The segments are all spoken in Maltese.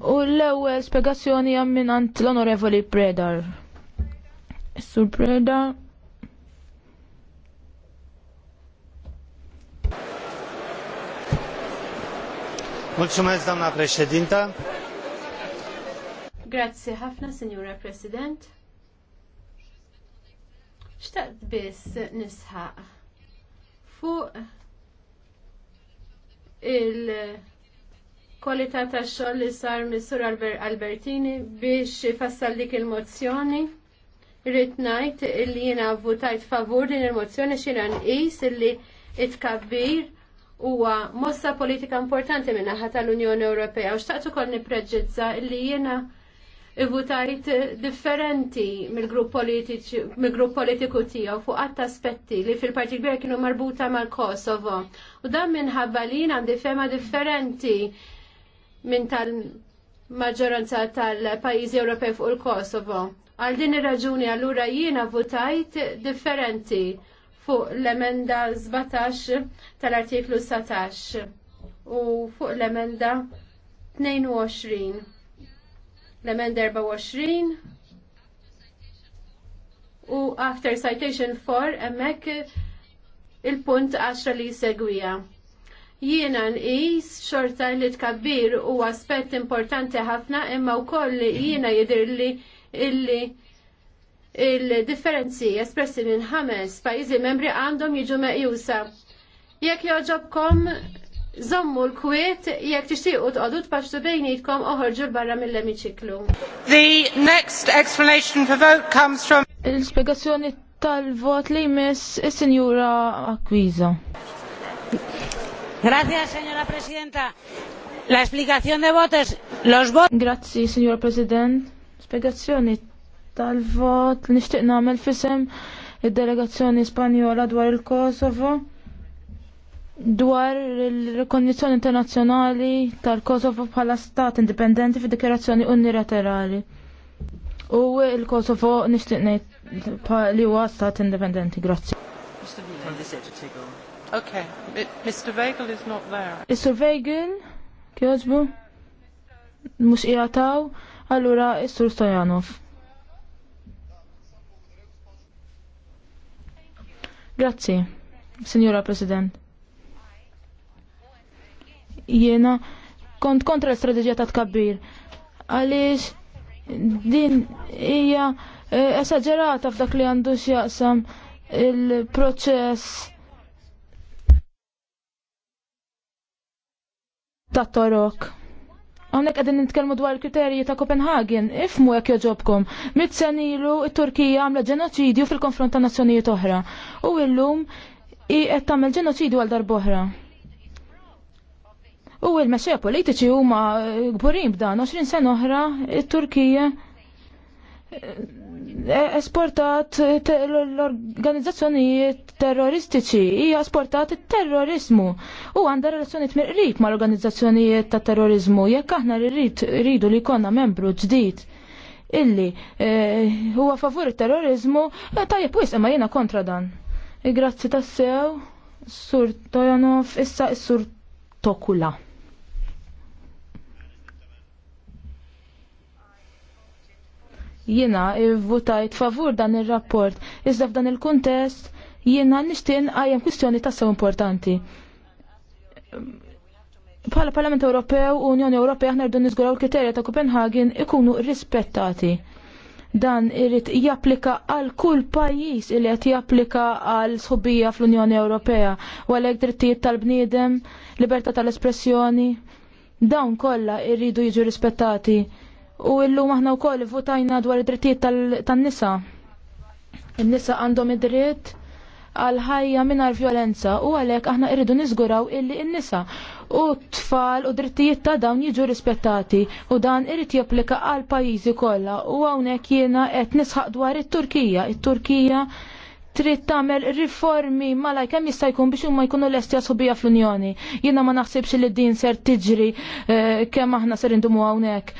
U l-ewwel spjegazzjoni minn ant l-Onorevoli Predar. Sur Preda. Mulțumesc, doamna președintă. Grazie ħafna, Signora President. Xtaqt biss nisħaq fuq il- kwalità tax-xogħol li sar Missur Albertini biex fassal dik il-mozzjoni. Rrid ngħid illi jiena votajt favur din il-mozzjoni x'jiena nqis illi it-kabbir huwa mossa politika importanti minn naħa tal-Unjoni Ewropea u xtaqt ukoll nippreġizza illi jiena ivvutajt differenti mill-grupp politiku tiegħu fuq għatt aspetti li fil-parti kbira kienu marbuta mal-Kosovo. U dan minħabba li għandi fema differenti minn tal-maġġoranza tal-pajjiżi Ewropej fuq il-Kosovo. Għal din ir-raġuni allura jiena votajt differenti fuq l-emenda 17 tal-artiklu 17 u fuq l-emenda 22. L-emenda 24 u after citation 4 emmek il-punt 10 li segwija jiena nqis xorta li tkabbir u aspett importanti ħafna imma wkoll jiena jidher li illi il-differenzi espressi minn ħames pajjiżi membri għandhom jiġu meqjusa. Jekk joġobkom Zommu l-kwiet jekk tixtiequ tqogħdu paċtu bejnietkom uħorġu barra mill-emiċiklu. The next explanation for vote comes from il spiegazzjoni tal-vot li jmiss is-Sinjura Akwiza. Gracias, señora presidenta. La explicación de votos, los votos. Grazzi, signor President. Spiegazzjoni tal-vot li nixtieq nagħmel fisem id-delegazzjoni Spanjola dwar il-Kosovo dwar il-rekondizzjoni internazzjonali tal-Kosovo bħala stat indipendenti fi dikjerazzjoni unilaterali. U il-Kosovo nixtieq li huwa stat indipendenti. Grazzi. Okay, Mr. Vagel is not there. Mr. Vagel, kjoġbu? Mux iħataw, allura Mr. Stojanov. Grazzi, Signora President. Jena kont kontra l-strategija ta' tkabbir. Għaliex din hija eh, esagerata f'dak li għandu x'jaqsam il-proċess ta' torok. Għonek għedin nitkelmu dwar kriterji ta' Kopenhagen, ifmu jek joġobkom. Mit senilu il-Turkija għamla ġenoċidju fil-konfront ta' nazzjonijiet oħra. U illum i qed tagħmel ġenoċidju għal darboħra. U il-mexxej politiċi huma gburin b'dan 20 sena oħra it-Turkija esportat l-organizzazzjonijiet terroristiċi, hija esportat terrorizmu u għandha relazzjonijiet ma mal organizzazzjonijiet ta' terrorizmu jekk aħna rridu li konna membru ġdid illi eh, huwa favur terrorizmu eh, tajjeb wis imma jiena kontra dan. Grazzi tassew, Sur Tojanov, issa is-Sur Tokula. Jiena votajt favur dan ir-rapport, iżda f'dan il-kuntest jiena nishtin għajem kwistjoni tassew importanti. Bħala Parlament Ewropew u Unjoni Ewropea aħna rridu niżguraw kriterja ta' Copenhagen ikunu rispettati. Dan irrid japplika għal kull pajjiż li qed japplika għal sħubija fl-Unjoni Ewropea u għalhekk drittijiet tal-bniedem, libertà tal-espressjoni. Dawn kollha irridu jiġu rispettati u illum aħna wkoll votajna dwar id-drittijiet tan-nisa. In-nisa għandhom id-dritt għal ħajja mingħajr violenza u għalhekk aħna irridu niżguraw illi n-nisa u t-tfal u drittijiet ta' dawn jiġu rispettati u dan irid japplika għal pajjiżi kollha u hawnhekk jiena qed nisħaq dwar it-Turkija. It-Turkija trid tagħmel riformi malaj kemm jista' jkun biex huma jkunu lesti jasobija fl-Unjoni. Jiena ma naħsibx li din ser tiġri eh, kemm aħna ser indumu hawnhekk.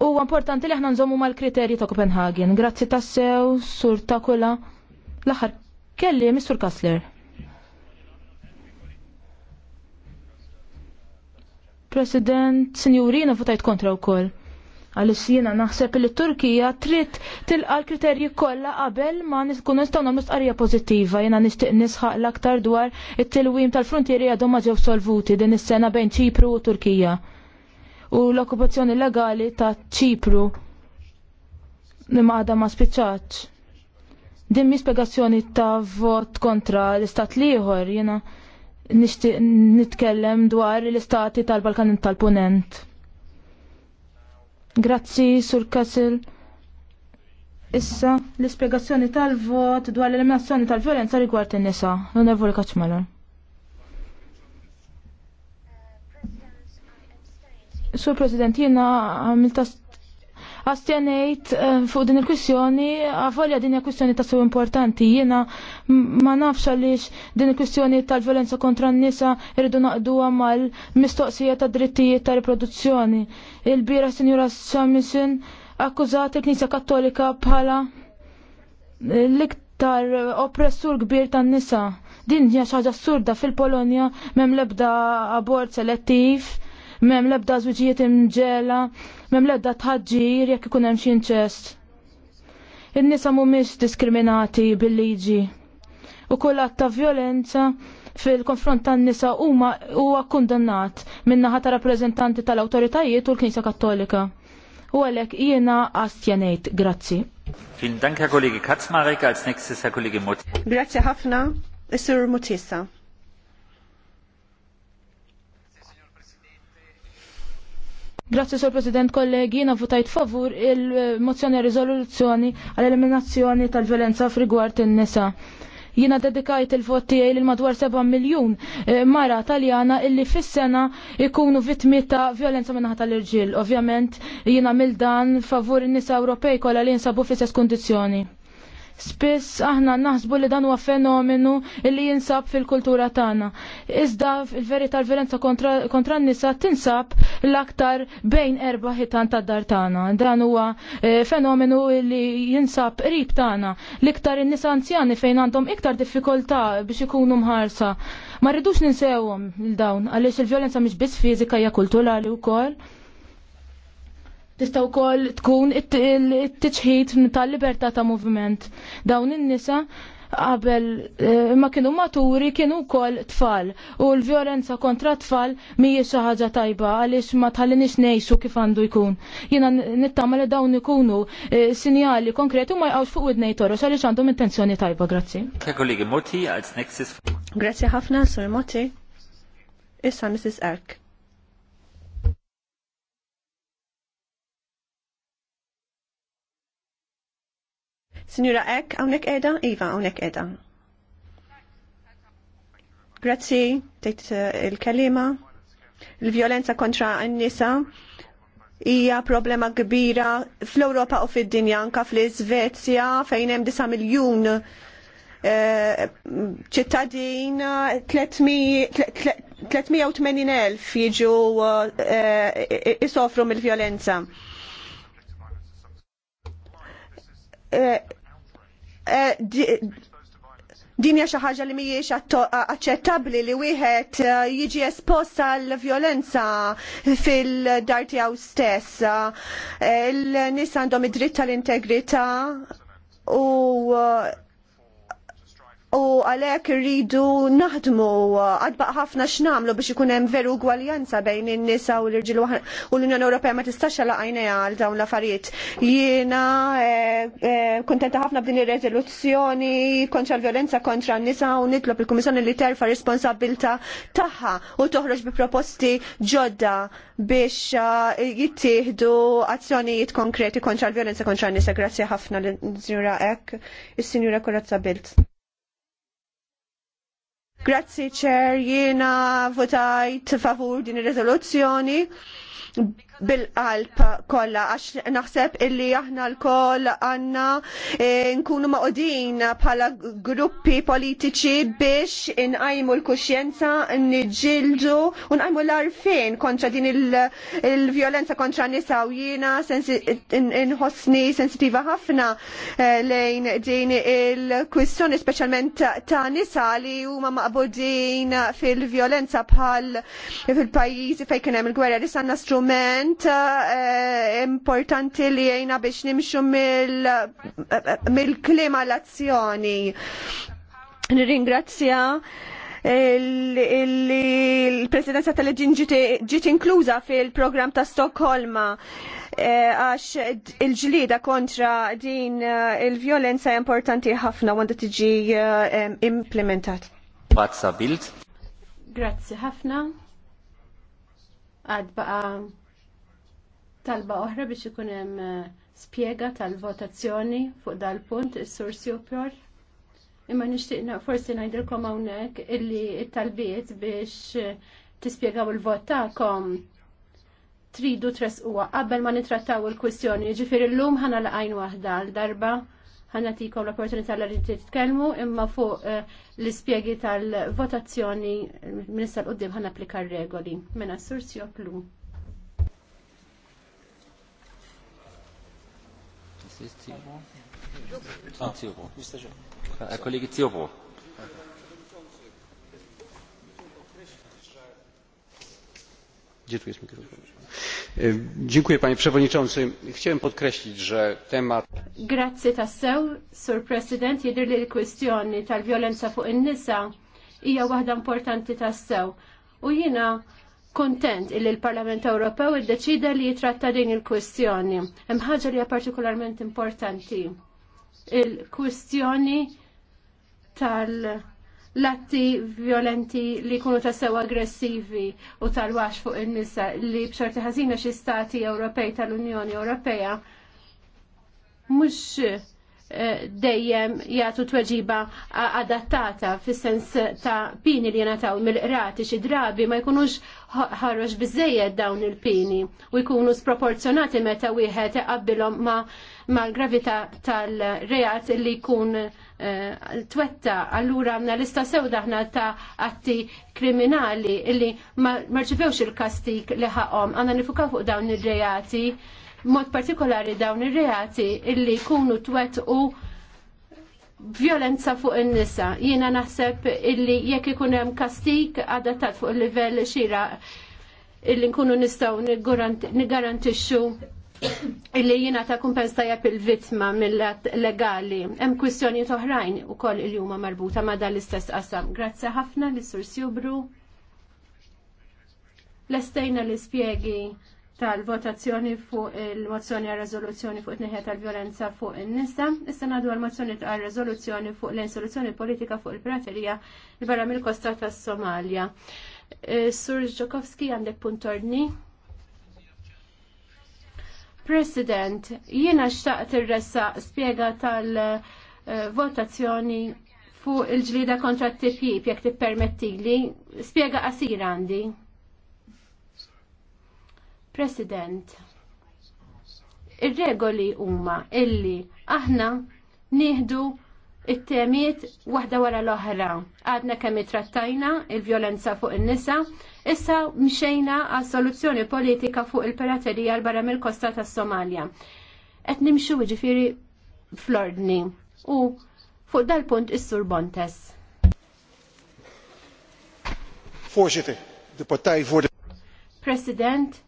U importanti li aħna nżommu mal-kriterji ta' Copenhagen. Grazzi ta' sew, sur ta' kula. L-aħħar kelli, Mr. Kassler. President, sinjurina votajt kontra u koll. Għalis jena naħseb li Turkija trid tilqa l-kriterji kollha qabel ma nkunu nistgħu nagħmlu stqarrija pożittiva jiena nixtieq nisħaq l-aktar dwar it-tilwim tal-frontieri għadhom ma ġew solvuti din is-sena bejn Ċipru u Turkija u l-okkupazzjoni legali ta' ċipru li maħda ma spiċċaċ. Din mi ta' vot kontra l-istat liħor jena nitkellem dwar l-istati tal-Balkan tal-Punent. Grazzi, Sur Kassil. Issa, l-ispiegazzjoni tal-vot dwar l-eliminazzjoni tal-violenza rigward in-nisa. L-onorevoli Kaċmalar. Sur President, jina għamilta għastjanejt eh, fuq din il-kwistjoni, għavolja din il-kwistjoni ta' sew importanti, jina ma nafx għalix din il-kwistjoni tal-violenza kontra n-nisa irridu naqdu għamal mistoqsija ta' drittijiet ta' riproduzzjoni. Il-bira Sinjura Samisin akkużat il-Knisja Kattolika bħala l-iktar oppressur kbir tan nisa Din hija xi ħaġa assurda fil-Polonja mem l-ebda abort selettiv mem lebda żwiġijiet imġela, mem lebda tħaġġir jekk ikun hemm xi inċest. In-nisa mhumiex diskriminati bil-liġi. U kull ta' violenza fil-konfront tan-nisa huma huwa kundannat min ta' rappreżentanti tal-awtoritajiet u l-Knisja Kattolika. U għalhekk jiena astjanejt, grazzi. Vielen Dank, Herr Kollege Katzmarek. Als nächstes Herr Kollege Mott. Grazie ħafna, ist Mutissa. Grazzi, Sur President, kollegi, votajt favur il-mozzjoni rizoluzzjoni għall-eliminazzjoni tal-violenza f'rigward in-nisa. Jina dedikajt il-vot tiegħi lil madwar 7 miljun eh, mara taljana illi fis-sena ikunu vittmi ta' violenza minnaħa tal-irġiel. Ovvjament, jina mill-dan favur in-nisa Ewropej kollha li jinsabu fi istess kundizzjoni. Spiss aħna naħsbu li dan huwa fenomenu li jinsab fil-kultura tagħna. Iżda il-verità l-violenza kontra n-nisa tinsab l-aktar bejn erba' ħitan tad-dar tagħna. Dan huwa eh, fenomenu li jinsab qrib tagħna. L-iktar in-nisa anzjani fejn għandhom iktar diffikultà biex ikunu mħarsa. Ma rridux ninsewhom il-dawn għaliex il-violenza mhix biss fiżika hija kulturali wkoll tista' wkoll tkun it-tiċħid tal-libertà ta' moviment. Dawn in-nisa qabel eh, ma kienu maturi kienu kol tfal u l-vjolenza kontra tfal mi xi ħaġa tajba għaliex ma tħallinix ngħixu kif għandu jkun. Jiena nittama li dawn ikunu eh, sinjali konkreti u ma jqgħux fuq idnej torox għaliex għandhom intenzjoni tajba, grazzi. Kollegi Grazzi ħafna, Sur Moti. Issa Mrs. Erk. Signora Ek, għawnek edha? Iva, għawnek edha. Grazzi, tejt eh, il kelima Il-violenza kontra n-nisa hija problema kbira fl-Ewropa u fid-dinja anka fl-Iżvezja fejn hemm 9 miljun eh, ċittadin 380.000 jiġu eh, isofru mill-violenza. Eh, din hija xi ħaġa li mhijiex aċċettabbli li wieħed eh, jiġi espost għal violenza fil-dar tiegħu stess. Eh, il-nies għandhom id-dritt tal-integrità u u għalhekk irridu naħdmu għadbaq ħafna x'namlu biex ikun hemm veru gwaljanza bejn in-nisa u l-irġiel u l-Unjoni Ewropea ma tistax għal għajnejha għal dawn l-affarijiet. Jiena eh, eh, kuntenta ħafna b'din ir-reżoluzzjoni kontra l-violenza kontra n-nisa u nitlob il-Kummissjoni li terfa' responsabilta tagħha u toħroġ bi proposti ġodda biex eh, jittieħdu azzjonijiet konkreti kontra l-violenza kontra n-nisa. Grazzi ħafna l-Sinjura Ek, is-Sinjura Korazza Bilt. Grazzi ċer, jiena votajt favur din ir-rezoluzzjoni bil-qalb kollha għax naħseb illi aħna lkoll għandna e, nkunu maqudin bħala gruppi politiċi biex inqajmu l-kuxjenza niġġieldu u nqajmu l-arfin kontra din il-vjolenza kontra nisa u jiena inħossni sensitiva ħafna e, lejn din il-kwistjoni speċjalment ta' nisa li huma maqbudin fil-vjolenza bħal fil-pajjiżi fejn kien hemm il-gwerra li sanna strument moment eh, importanti li jgħina biex nimxu mill-klima l-azzjoni. Nirringrazzja il-presidenza tal-ġin ġiet inkluża fil-programm ta' Stokholma eh, għax il-ġlida kontra din eh, il-violenza importanti ħafna għanda tiġi implementat. Grazie Bild. Grazzi ħafna. Għad baqa talba oħra biex ikun hemm eh, spjega tal-votazzjoni fuq dal-punt is-sur Supjor. Imma nixtieq forsi ngħidilkom hawnhekk illi t-talbiet biex eh, tispjegaw il-vot tagħkom tridu tresquwa qabel ma nitrattaw il-kwistjoni. Ġifieri llum ħana laqajn waħda għal darba ħana tikom l-opportunità li titkellmu imma fuq eh, l-ispjegi tal-votazzjoni minissa l ħana applika r regoli. Mela s plu. Ah, e, dziękuję panie przewodniczący. Chciałem podkreślić, że temat Grazie tassew, Sir President, jidher li l-kwistjoni tal violenza fuq in-nisa hija waħda importanti tassew. U jiena kontent illi l-Parlament Ewropew iddeċida li jitratta din il kwestjoni Hemm ħaġa li hija partikolarment importanti. il kwestjoni tal-latti violenti li jkunu ta' sew aggressivi u tal-wax fuq il nisa li b'xorti ħażina xi stati Ewropej tal-Unjoni Ewropea mhux Eh, dejjem jagħtu tweġiba adattata fis-sens ta' pini li jingħataw mill-qrati xi drabi ma jkunux ħarroġ biżejjed dawn il-pini u jkunu sproporzjonati meta wieħed iqabbilhom ma' mal-gravità tal-reat li jkun eh, twetta allura għamna lista sewda ħna ta' atti kriminali li marċivewx il-kastik li ħaqhom għandna nifukaw fuq dawn ir-reati mod partikolari dawn ir-reati illi jkunu twet u violenza fuq in-nisa. Jiena naħseb illi jekk ikun hemm kastik adattat fuq il-livell xira illi nkunu nistgħu niggarantixxu illi jiena ta' kumpens jep il-vittma mill-lat legali. Hemm kwistjonijiet oħrajn ukoll il juma marbuta ma' dan l-istess qasam. Grazzi ħafna lis sur Sjubru. Lestejna l-ispjegi tal-votazzjoni fuq il-mozzjoni għal rezoluzzjoni fuq it-neħja tal-violenza fuq in-nisa. Issa ngħadu għal-mozzjoni għal rezoluzzjoni fuq l-insoluzzjoni politika fuq il-piraterija li barra mill-kosta tas-Somalja. E, Sur Ġokowski għandek puntorni. President, jiena xtaqt ir-ressa spjega tal-votazzjoni fuq il-ġlida kontra t-tipjib, jek t-permettili, spiega qasir għandi. President, ir-regoli huma illi aħna nieħdu it-temiet waħda wara l-oħra. Għadna kemm trattajna il-vjolenza fuq in-nisa, issa mxejna għas soluzzjoni politika fuq il-piraterija l barra mill-kosta tas somalja Qed nimxu jiġifieri fl-ordni u fuq dal-punt is-Sur Bontes. President,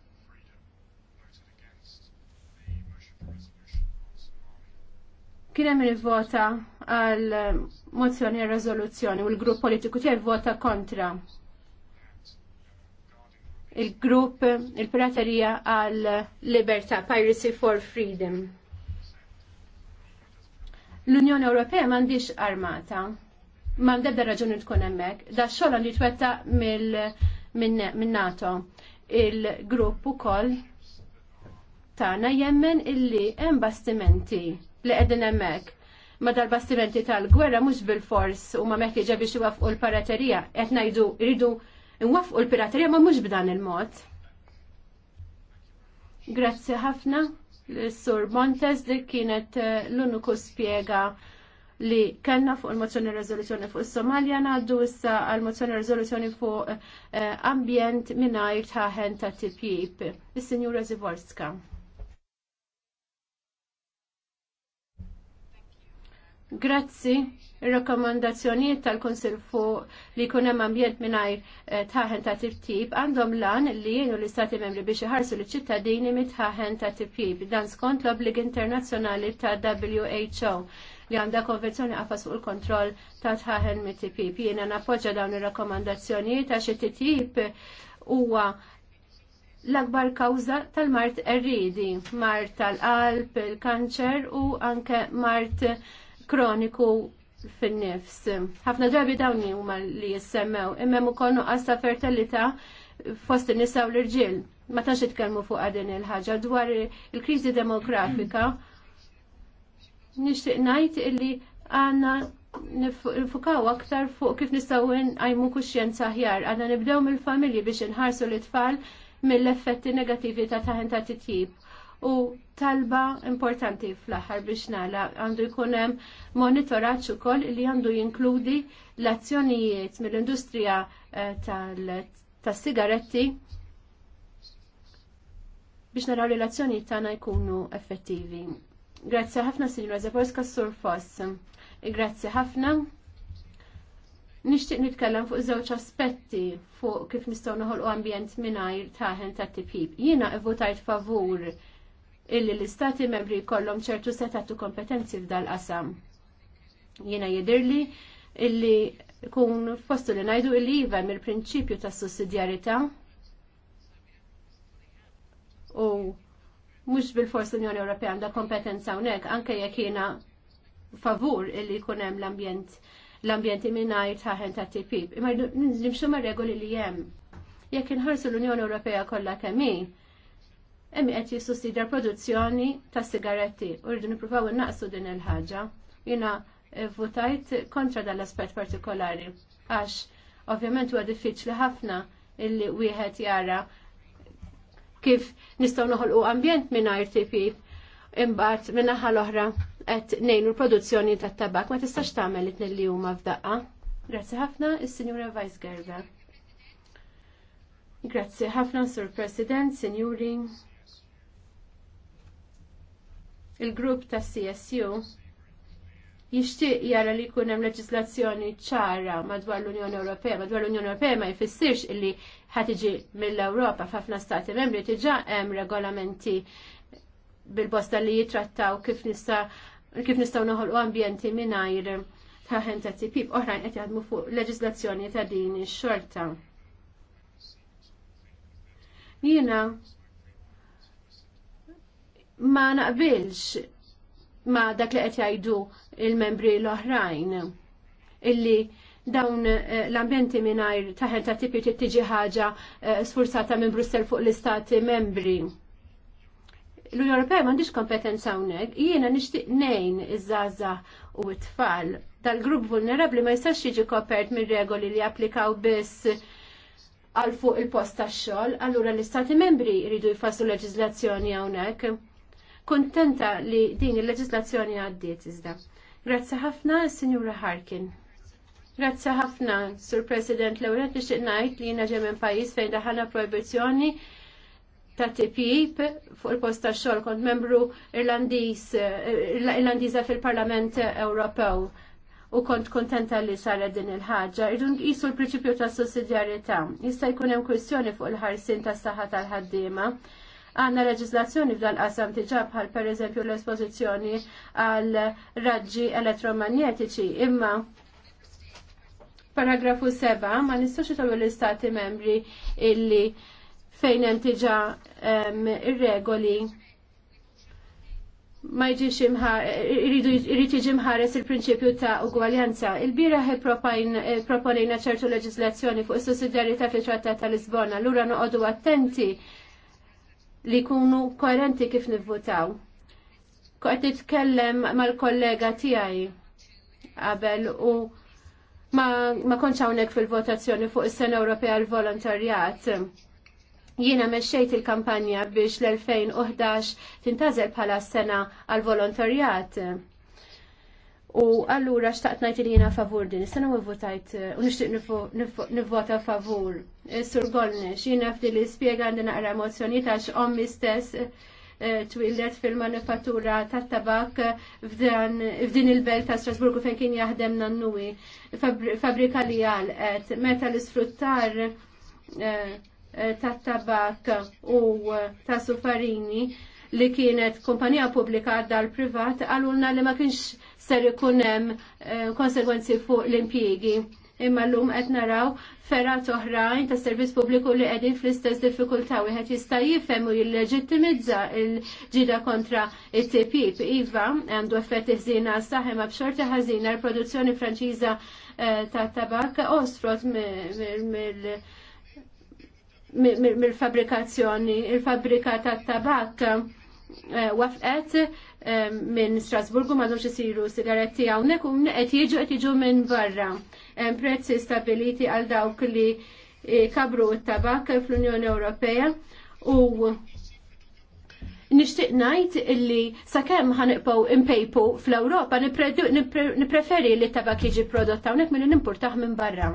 Kien hemm vota għal mozzjoni e rezoluzzjoni u l-grupp politiku tiegħi vota kontra. Il-grupp il-piraterija għal libertà, Piracy for Freedom. L-Unjoni Ewropea m'għandix armata. m'għandha ebda raġuni tkun hemmhekk. Da xogħol għandu jitwetta min nato Il-grupp ukoll tagħna jemmen illi hemm bastimenti li qegħdin hemmhekk. Ma dal bastimenti tal-gwerra mhux bil-fors u ma meħtieġa biex iwafqu l-paraterija qed ngħidu rridu nwafqu l-piraterija ma mhux b'dan il-mod. Grazzi ħafna l-Sur Montes dik kienet eh, l-uniku spjega li kellna fuq il-mozzjoni rezoluzjoni fuq Somalia ngħaddu issa għal-mozzjoni rezoluzjoni fuq eh, ambjent mingħajr taħen ta' tipjib. Is-Sinjura Zivorska. Grazzi il-rakkomandazzjonijiet tal-Konsil fuq li jkun hemm ambjent mingħajr eh, taħen ta' Tiftib għandhom lan li jgħinu l-Istati membri biex iħarsu l-ċittadini mit-taħen ta' tirtib dan skont l-obbligi internazzjonali ta' WHO li għandha konvenzjoni qafas fuq il-kontroll ta' tħaħen mit-TPP. Jiena nappoġġa dawn ir-rakkomandazzjonijiet għax it-TTIP huwa l-akbar kawża tal-mart erridi, mart tal-qalb, il-kanċer u anke mart kroniku fin-nifs. Ħafna drabi dawn huma li jissemmew, imma hemm ukoll nuqqas ta' fertilità fost in-nisa u l-irġiel. Ma tantx itkellmu fuq din il-ħaġa dwar il-kriżi demografika. Nixtieq ngħid illi għandna nifukaw aktar fuq kif nistgħu nqajmu kuxjenza aħjar. Għandna nibdew mill-familji biex inħarsu l-itfal mill-effetti negattivi ta' taħen ta' titjib u talba importanti fl-aħħar biex nagħla għandu jkun hemm monitoraġġ ukoll li għandu jinkludi l-azzjonijiet mill-industrija eh, tas-sigaretti biex naraw li l-azzjonijiet tagħna jkunu effettivi. Grazzi ħafna signora Zaporska Sur Foss. Grazzi ħafna. Nixtieq nitkellem fuq żewġ aspetti fuq kif nistgħu noħolqu ambjent mingħajr taħen ta' tipib. Jiena votajt favur illi l-istati membri kollom ċertu setatu kompetenzi f'dal-qasam. Jena jidirli illi kun fostu li najdu illi jiva mill prinċipju ta' sussidjarita u mux bil-fors l-Unjoni Ewropea għandha kompetenza unek, anke jekk jiena favur illi jkun hemm l-ambjent l-ambjenti minnajr taħen ta' tipib. Imma nimxu ma' regoli li jem. Jekk inħarsu l-Unjoni Ewropea kollha kemm emmi qed jissussidja produzzjoni ta' sigaretti u rridu nippruvaw innaqsu din il-ħaġa. Jiena eh, votajt kontra dal-aspett partikolari għax ovvjament huwa diffiċli ħafna illi wieħed jara kif nistgħu noħolqu ambjent mingħajr tipip imbagħad min-naħa l-oħra qed ngħinu l-produzzjoni tat-tabak ma tistax tagħmel it-tnejn li huma f'daqqa. Grazzi ħafna is-Sinjura Vice Gerda. Grazzi ħafna Sur President, Sinjuri il-grupp ta' CSU jixtieq jara li jkun hemm leġislazzjoni ċara madwar l-Unjoni Ewropea, madwar l-Unjoni Ewropea ma jfissirx illi ħatiġi mill-Ewropa f'ħafna stati membri tiġa hemm regolamenti bil-bosta li jitrattaw kif nista' kif nistgħu noħolqu ambjenti mingħajr taħen ta' tipib oħrajn qed jaħdmu fuq leġislazzjoni ta' din ix-xorta. Jiena ma naqbilx ma dak li qed jgħidu il-membri l-oħrajn illi dawn eh, l-ambjenti mingħajr taħel ta' tipi tiġi ħaġa eh, sfurzata minn Brussel fuq l-istati membri. L-Unjoni Ewropea m'għandix kompetenza hawnhekk, jiena nixtieq ngħin iż-żgħażagħ u t-tfal tal grupp vulnerabbli ma jistax jiġi kopert minn regoli li applikaw biss għal fuq il-post tax-xogħol, allura l-istati membri jridu jfassu leġiżlazzjoni hawnhekk Kontenta li din il-leġislazzjoni għaddiet iżda. Grazzi ħafna, Sinjura Harkin. Grazzi ħafna, Sur President Lewret, nixtieq ngħid li jiena ġej minn pajjiż fejn daħana proibizzjoni ta' tipib fuq il-post ta' xogħol kont membru eh, Irlandiża fil-Parlament Ewropew u kont kontenta li saret din il-ħaġa. Irdu nqisu l-prinċipju ta' sussidjarjetà. Jista' jkun hemm kwistjoni fuq il-ħarsin tas-saħħa tal-ħaddiema. Għanna leġislazzjoni f'dan qasam tiġab bħal per eżempju l-espożizzjoni għal raġġi elettromagnetiċi imma paragrafu 7 ma nistax itollu l-istati membri illi fejn hemm tiġa ir-regoli ma jġiex irid jiġi mħares il-prinċipju ta' ugwaljanza. Il-biraħ proponejna ċertu leġislazzjoni fuq is sussidjarità fit trattat ta' Lisbona, lura noqogħdu attenti li jkunu koerenti kif nivvotaw. Kort nitkellem mal-kollega tiegħi qabel u ma, ma konċawnek hawnhekk fil-votazzjoni fuq is-Sena Ewropea l-Volontarjat. Jiena mexxejt il-kampanja biex l-2011 tintazel bħala s-sena għal-volontarjat. U allura xtaqt ngħid li jiena favur din, is-sena u votajt u nixtieq nivvota favur. Eh, Sur Golnex, jiena fdi li spjega għandi naqra emozjoni ta' xommi stess eh, twildet fil-manifattura tat tabak eh, f'din il-belt ta' Strasburgu fejn kien jaħdem nannuwi fabrika li għalqet meta l-isfruttar tat tabak u ta' sufarini li kienet kumpanija pubblika għadda l-privat għalulna li ma kienx ser ikun hemm eh, konsegwenzi fuq l-impjiegi. Imma llum qed naraw ferat oħrajn ta' servizz pubbliku li qegħdin fl-istess diffikultà wieħed jista' jifhem u jilleġittimizza l-ġida kontra it-tipib. Iva għandu effett ħżina saħ imma b'xorta ħażina l-produzzjoni Franċiża eh, ta' tabak osfrot mill mill-fabrikazzjoni, il-fabrika ta' tabak eh, wafqet minn Strasburgu domx isiru sigaretti hawnhekk u qed jiġu qed jiġu minn barra. Hemm prezzi stabiliti għal dawk li e, kabru t-tabak fl-Unjoni Ewropea u nixtieq ngħid illi sakemm iqpaw impejpu fl-Ewropa nippreferi li t-tabak jiġi prodotta hawnhekk milli importaħ minn barra.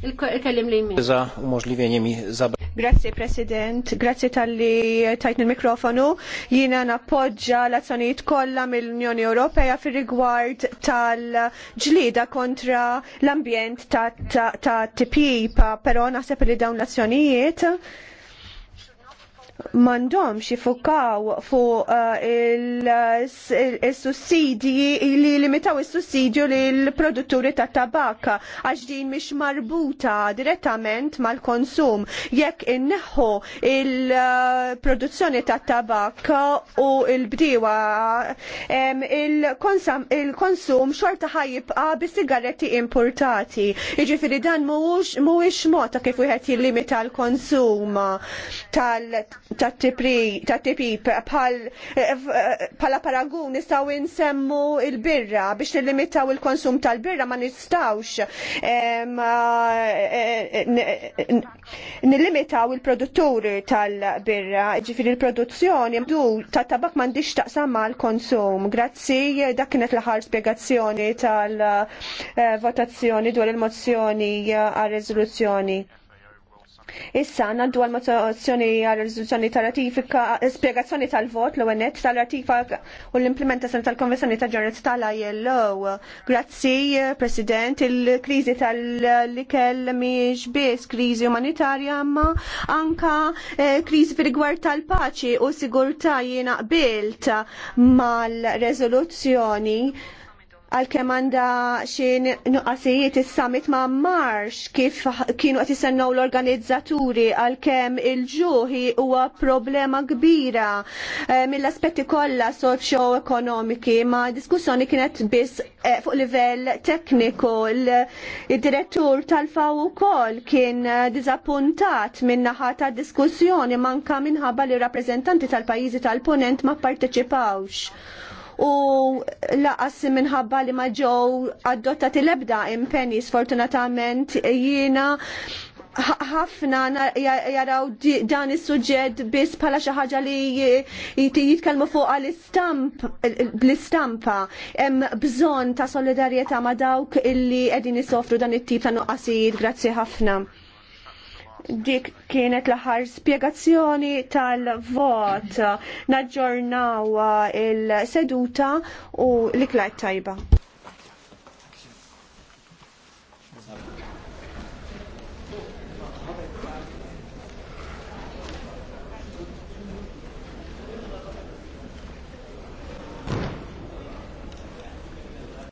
Il-kellim li jmin. Grazzi President, grazie tal-li tajtni l-mikrofonu. Jina nappoġġa l-azzjonijiet kollha mill-Unjoni Ewropea fir rigward tal-ġlida kontra l-ambjent ta' TPIPA, però naħseb li dawn l-azzjonijiet mandom xifukaw fuq uh, il-sussidji li limitaw il-sussidju li l-produtturi ta' tabakka għax din mish marbuta direttament mal-konsum jekk inneħu il-produzzjoni ta' tabakka u il-bdiwa il-konsum xorta ħajibqa bi sigaretti importati iġifiri dan mux mux mota kif wieħed jillimita l-konsum tal ta' tipip pala paragun nistaw insemmu il-birra biex nilimitaw il-konsum tal-birra ma nistawx e, e, nilimitaw il-produtturi tal-birra ġifiri il-produzzjoni du ta' tabak mandiċ taqsam ma' l-konsum grazzi dak kienet l-ħar spiegazzjoni tal-votazzjoni eh, dwar il-mozzjoni eh, għal-rezoluzzjoni. Issa għandu għal motivazzjoni għal rizoluzzjoni ta' ratifika, spiegazzjoni tal-vot l għenet tal-ratifika u l-implementazzjoni tal-konvenzjoni ta' ġurnet tal-ILO. Grazzi, President, il-krizi tal-likel miex bis krizi umanitarja ma anka eh, krizi fi rigward tal-paċi u sigurta jena bilt mal-rezoluzzjoni għalkemm għandha xi nuqasijiet is-summit ma marx kif kienu qed isennew l-organizzaturi għalkemm il-ġuħi huwa problema kbira eh, mill-aspetti kollha soċjo-ekonomiki ma diskussjoni kienet biss eh, fuq livell tekniku il-direttur tal-faw ukoll kien eh, diżappuntat min-naħa ta' diskussjoni manka minħabba li rappreżentanti tal-pajjiżi tal-ponent ma pparteċipawx u laqas minħabba li ma ġew adottati l-ebda impenji sfortunatament jiena ħafna jaraw dan is-suġġett biss bħala xi ħaġa li jitkellmu fuqha l-istampa hemm bżonn ta' solidarjetà ma' dawk illi qegħdin isofru dan it-tip ta' nuqqasijiet. Grazzi ħafna dik kienet l-aħħar spjegazzjoni tal-vot naġġornaw uh, il-seduta u l iklajt tajba.